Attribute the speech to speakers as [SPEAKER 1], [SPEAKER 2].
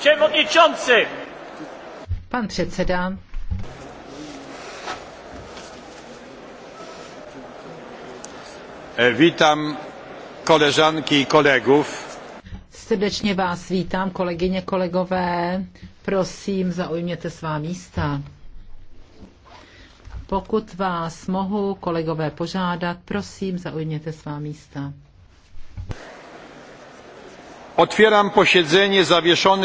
[SPEAKER 1] Przewodniczący!
[SPEAKER 2] Pan předseda.
[SPEAKER 1] vítám e,
[SPEAKER 3] koleżanki i kolegów.
[SPEAKER 4] Srdečně vás vítám, kolegyně, kolegové. Prosím, zaujměte svá místa. Pokud vás mohu, kolegové, požádat, prosím, zaujměte svá místa.
[SPEAKER 5] Otvírám posiedzenie zawieszone